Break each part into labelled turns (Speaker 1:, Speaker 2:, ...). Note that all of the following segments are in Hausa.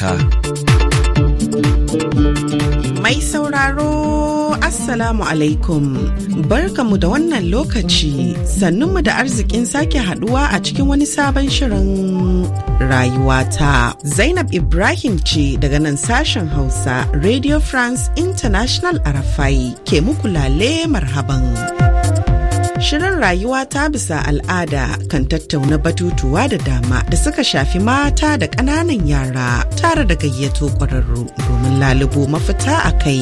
Speaker 1: mata.
Speaker 2: Mai sauraro Assalamu alaikum mu da wannan lokaci mu da arzikin sake haduwa a cikin wani sabon shirin rayuwata. Zainab Ibrahim ce daga nan sashen Hausa Radio France International Arafai ke muku lale marhaban. Shirin rayuwa ta bisa al'ada kan tattauna batutuwa da dama da suka shafi mata da ƙananan yara tare da gayyato ƙwararru domin lalubo mafita a kai.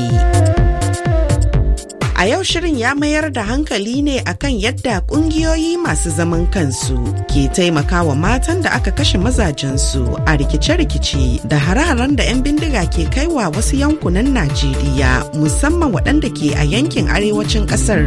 Speaker 2: A yau shirin ya mayar da hankali ne akan yadda ƙungiyoyi masu zaman kansu ke taimaka wa matan da aka kashe mazajensu a rikice-rikice da hararen da 'yan bindiga ke kaiwa wasu yankunan Najeriya musamman waɗanda ke a yankin arewacin ƙasar.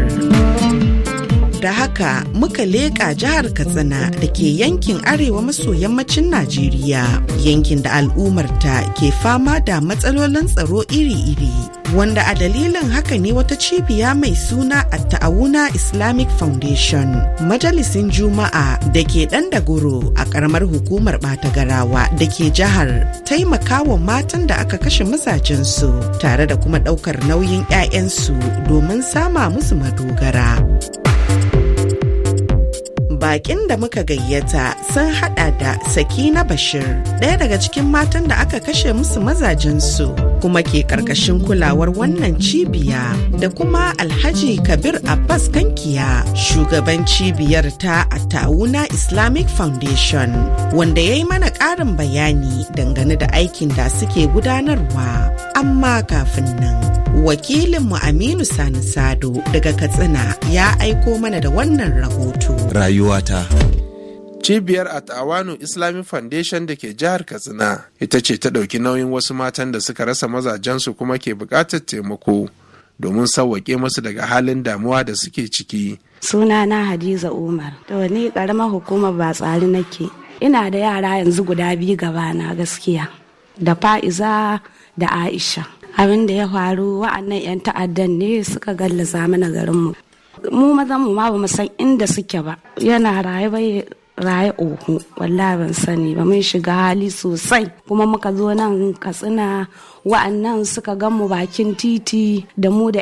Speaker 2: da haka muka leƙa jihar katsina da ke yankin arewa maso yammacin najeriya yankin da al'ummarta ke fama da matsalolin tsaro iri-iri wanda a dalilin haka ne wata cibiya mai suna a ta'awuna islamic foundation majalisin juma'a da ke dan dagoro a ƙaramar hukumar ɓatagarawa da ke jihar taimakawa matan da aka kashe mazajensu tare da kuma ɗaukar nauyin 'ya'yansu domin sama musu madogara. bakin da muka gayyata sun hada da Saki na Bashir, ɗaya daga cikin matan da aka kashe musu mazajensu kuma ke karkashin kulawar wannan cibiya da kuma Alhaji Kabir Abbas Kankiya, shugaban cibiyar ta Attawuna Islamic Foundation, wanda ya yi mana ƙarin bayani dangane da aikin da suke gudanarwa. Amma kafin nan. wakilinmu Aminu Sani Sado daga Katsina ya aiko mana da wannan rahoto.
Speaker 1: Rayuwa rayuwata. Cibiyar Atawanu Islamic Foundation da ke jihar Katsina ita ce ta ɗauki nauyin wasu matan da suka rasa mazajensu kuma ke buƙatar taimako domin sauwaƙe musu daga halin damuwa da suke ciki.
Speaker 2: Suna na Hadiza Umar, to ni ƙaramar hukuma ba tsari nake. Ina da yara yanzu guda biyu gabana gaskiya, da fa'iza da Aisha. Abin da ya faru wa'annan 'yan ta'addan ne suka gallaza mana garinmu. mu mazan mu ma ba mu san inda suke ba yana raye raye oho wallahi ban sani ba mun shiga hali sosai kuma muka zo nan katsina wa'annan suka gan mu bakin titi da mu da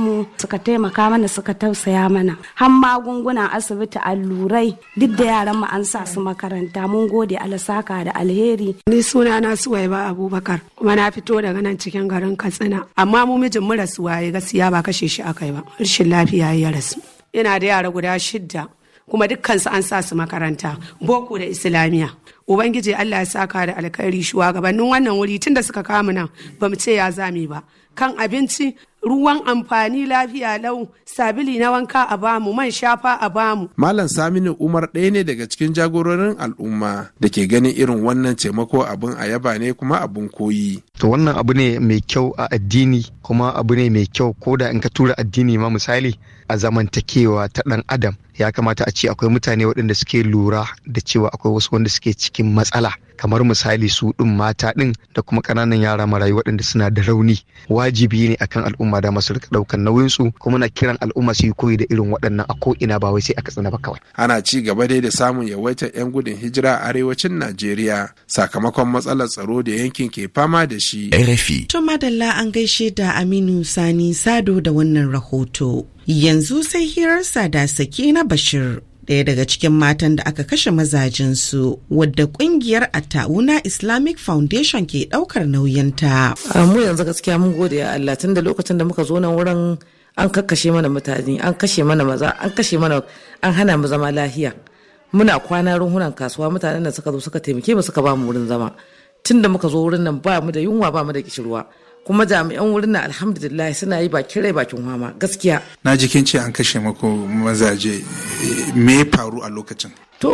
Speaker 2: mu suka taimaka mana suka tausaya mana har magungunan asibiti allurai duk da yaran mu an sa su makaranta mun gode alasaka da alheri ni suna na suwaiba abubakar kuma na fito daga nan cikin garin katsina amma mu mijin mu rasuwa gaskiya ba kashe shi akai ba rashin lafiya ya rasu ina da yara guda shidda kuma dukkansu an sa su makaranta boko da islamiyya ubangiji allah ya saka da alkhairi shugabannin wannan wuri tun da suka kama nan ba mu ce ya zame ba kan abinci ruwan amfani lafiya lau sabili na wanka a bamu man shafa a bamu.
Speaker 1: Malam Saminu Umar ɗaya ne daga cikin jagororin al'umma da ke ganin irin wannan taimako abin a yaba ne kuma abin koyi. To wannan abu ne mai kyau a addini kuma abu ne mai kyau ko da in ka tura addini ma misali a zamantakewa ta ɗan adam ya kamata a ce akwai mutane waɗanda suke lura da cewa akwai wasu wanda suke cikin matsala kamar misali su ɗin mata ɗin da kuma ƙananan yara marayu waɗanda suna da rauni wajibi ne akan al'umma da masu rika ɗaukan nauyinsu kuma na kiran al'umma su yi koyi da irin waɗannan a ko ina ba wai sai aka tsana ba kawai. ana ci gaba dai da samun yawaitar 'yan gudun hijira a arewacin najeriya sakamakon matsalar tsaro da yankin ke fama da shi. rfi.
Speaker 2: to madalla an gaishe da aminu sani sado da wannan rahoto. yan yanzu sai hirarsa da sake na Bashir. daya daga cikin matan da aka kashe mazajinsu wadda ƙungiyar Atta'una Islamic Foundation
Speaker 3: ke daukar nauyinta. Mu yanzu gaskiya mun gode ya Allah tun da lokacin da muka zo nan wurin an kakkashe mana mutane, an kashe mana maza, an kashe mana an hana mu zama lahiya. Muna kwana ruhunan kasuwa mutanen da suka zo suka taimake mu suka ba mu wurin zama. Tun da muka zo wurin nan ba mu da yunwa ba mu da kishirwa. kuma jami'an wurin na alhamdulillah suna yi bakin rai bakin hama gaskiya
Speaker 1: na jikin ce an kashe mako mazaje me faru a lokacin
Speaker 3: to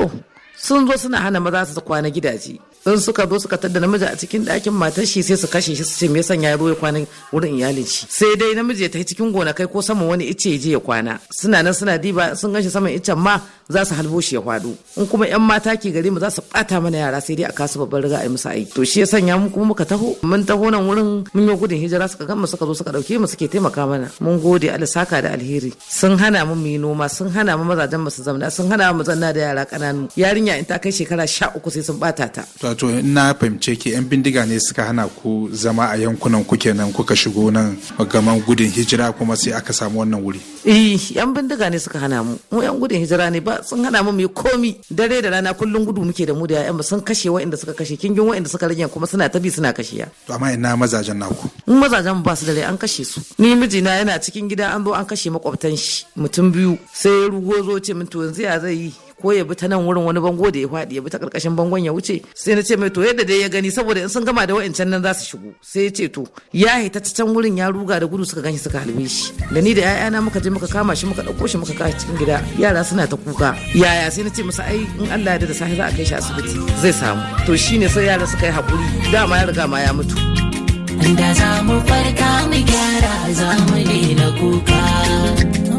Speaker 3: sun zo suna hana maza su kwana gidaje Sun suka zo suka tadda namiji a cikin ɗakin matar shi sai su kashe shi su ce me sanya ya zo ya kwana wurin iyalin shi sai dai namiji ya tafi cikin gonakai ko saman wani icce ya je ya kwana suna nan suna diba sun ganshi saman iccen ma za su halbo shi ya kwado in kuma yan mata ke gari mu za su bata mana yara sai dai a kasu babban riga a yi musu aiki to shi ya sanya mu kuma muka taho mun taho nan wurin mun yi gudun hijira suka mu suka zo suka dauke mu suke taimaka mana mun gode Allah saka da alheri sun hana mu mu yi noma sun hana mu mazajen mu su zamna sun hana mu zanna da yara kananu yarinya in ta kai shekara 13 sai sun bata ta
Speaker 1: wato na fahimce ke yan bindiga ne suka hana ku zama a yankunan ku kenan kuka shigo nan gaman gudun hijira kuma sai aka samu wannan wuri
Speaker 3: eh yan bindiga ne suka hana mu mu yan gudun hijira ne ba sun hana mu mai komi dare da rana kullun gudu muke da mu da yayan sun kashe waɗanda suka kashe kingin waɗanda suka rage kuma suna tabi suna kashiya
Speaker 1: to amma ina mazajen naku
Speaker 3: mu mazajen ba su dare an kashe su ni mijina yana cikin gida an zo an kashe makwabtan shi
Speaker 1: mutum biyu
Speaker 3: sai ruwo zo ce min to yanzu ya zai yi ko ya bi ta nan wurin wani bango da ya faɗi ya bi ta karkashin bangon ya wuce sai na ce mai to yadda dai ya gani saboda in sun gama da wa'ancan nan za su shigo sai ya ce to ya hita ta can wurin ya ruga da gudu suka ganshi suka halbe shi da ni da 'ya'yana muka je muka kama shi muka ɗauko shi muka kawo cikin gida yara suna ta kuka yaya sai na ce masa ai in Allah ya da safe za a kai shi asibiti zai samu to shine sai yara suka yi hakuri, dama ya riga ma ya mutu Da za mu farka mu gyara za mu daina kuka.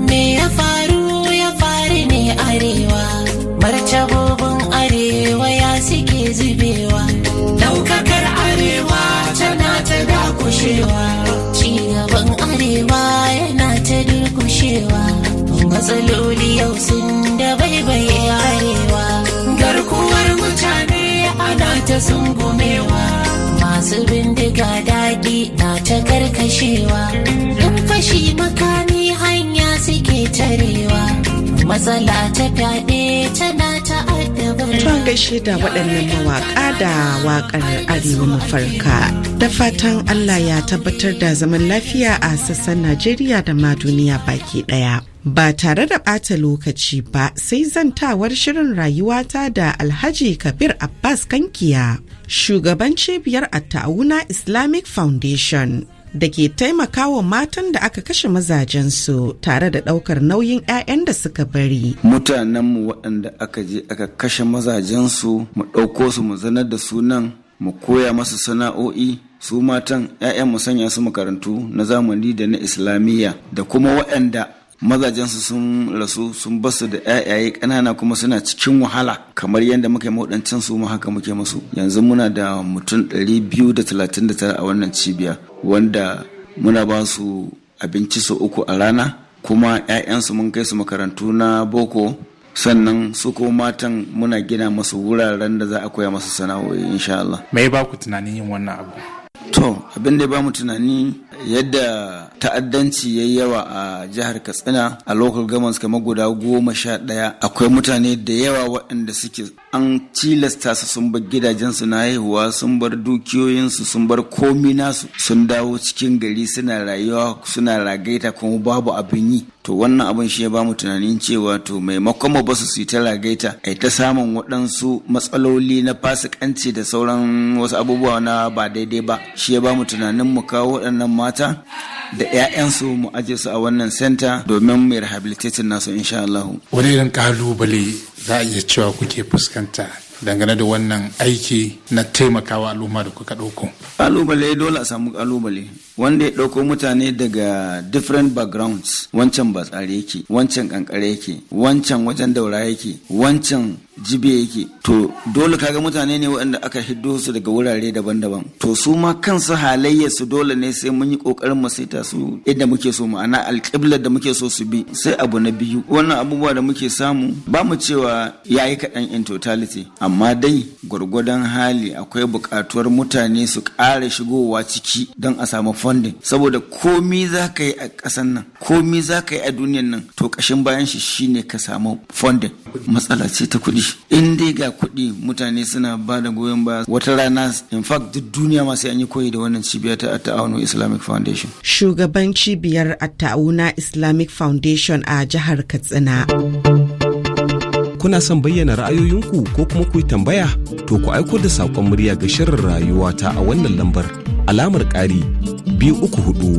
Speaker 2: Me ya faru ya faru ne arewa. Farce gobin arewa ya suke zubewa.
Speaker 1: Daukakar arewa
Speaker 2: tana ta dakushewa. Cigaban arewa yana ta durkushewa. Matsaloli yau sun da baibaye arewa. Garkuwar mutane ana ta sungumewa. Masu bindiga daɗi na ta karkashewa. Yan fashi makami hanya suke tarewa. matsala ta fyaɗe tana ta gaishe da waɗannan mawaƙa da waƙar Arewa mafarka. Da fatan Allah ya tabbatar da zaman lafiya a sassan Najeriya da ma duniya baki ɗaya. Ba tare da ɓata lokaci ba sai zantawar shirin rayuwata da Alhaji Kabir Abbas Kankiya, shugaban cibiyar Atta'una Islamic Foundation. da ke taimakawa matan da aka kashe mazajensu tare da ɗaukar nauyin 'ya'yan da suka bari.
Speaker 1: Mutanenmu waɗanda aka je aka kashe mazajensu mu ɗauko su mu zanar da sunan mu koya masu sana'o'i su matan 'ya'yan mu sanya su makarantu na zamani da na islamiyya da kuma waɗanda mazajensu sun rasu sun basu da yayaye ƙanana kuma suna cikin wahala kamar yadda muka yi su mu haka muke masu yanzu muna da mutum 239 a wannan cibiya wanda muna ba su abinci su uku a rana kuma 'ya'yansu mun kai su makarantu na boko sannan su ko matan muna gina masu wuraren da za a koya masu sana'o'i insha Allah. Me ba ku tunanin yin wannan abu? To, abin da ba mu tunani yadda ta'addanci yayi yawa a jihar katsina a local governments kamar guda goma sha ɗaya akwai mutane da yawa waɗanda suke an tilasta su sun bar gidajensu na haihuwa sun bar dukiyoyinsu sun bar komi nasu sun dawo cikin gari suna rayuwa suna ragaita kuma babu abin yi to wannan abin shi ya ba mu tunanin cewa to maimakon mu basu su ta ragaita ai ta samun waɗansu matsaloli na fasikanci da sauran wasu abubuwa na ba daidai ba shi ya bamu tunanin mu kawo waɗannan mata da 'ya'yansu mu aje su a wannan senta domin mu rehabilitating nasu insha Allah. Wani irin kalubale za a iya cewa kuke fuskanta dangane da wannan aiki na taimakawa al'umma da kuka ɗauko? Kalubale dole a samu kalubale wanda ya ɗauko mutane daga different backgrounds wancan batsare yake wancan kankare yake wancan wajen daura yake wancan jibe yake to dole kaga mutane ne waɗanda aka hiddo su daga wurare daban-daban to su ma kansu halayya su dole ne sai mun yi kokarin mu saita su yadda muke so ma'ana alƙiblar da muke so su bi sai abu na biyu wannan abubuwa da muke samu ba mu cewa ya yi kaɗan in totality amma dai gwargwadon hali akwai buƙatuwar mutane su ƙara shigowa ciki don a samu funding saboda komi za ka yi a ƙasan nan komi za ka yi a duniyan nan to ƙashin bayan shi shine ka samu funding matsala ce ta kuɗi in dai ga kuɗi mutane suna ba da goyon baya wata rana in fact duk duniya ma sai yi koyi da wannan cibiya ta Atta'aunu Islamic Foundation.
Speaker 2: Shugaban cibiyar ta'awuna Islamic Foundation a jihar Katsina.
Speaker 1: kuna son bayyana ra'ayoyinku ko kuma ku tambaya to ku aiko da saƙon murya ga shirin rayuwa ta a wannan lambar alamar ƙari biyu uku hudu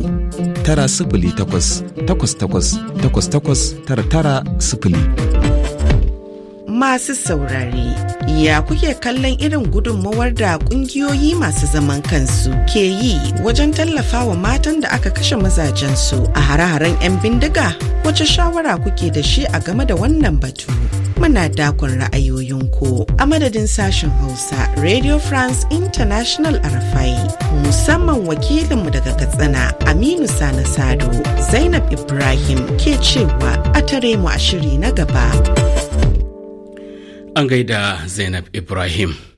Speaker 1: tara sifili takwas takwas takwas takwas takwas tara tara sifili.
Speaker 2: masu saurare. Ya kuke kallon irin gudunmawar da kungiyoyi masu zaman kansu ke yi wajen tallafawa matan da aka kashe mazajensu a hare-haren 'yan bindiga? Wace shawara kuke da shi a game da wannan batu? Muna dakon ra'ayoyinku a madadin sashen Hausa Radio France International Arafai musamman wakilinmu daga Katsina Aminu Sani Sado Zainab Ibrahim ke cewa a tare mu a shiri na gaba.
Speaker 1: an gaida zainab ibrahim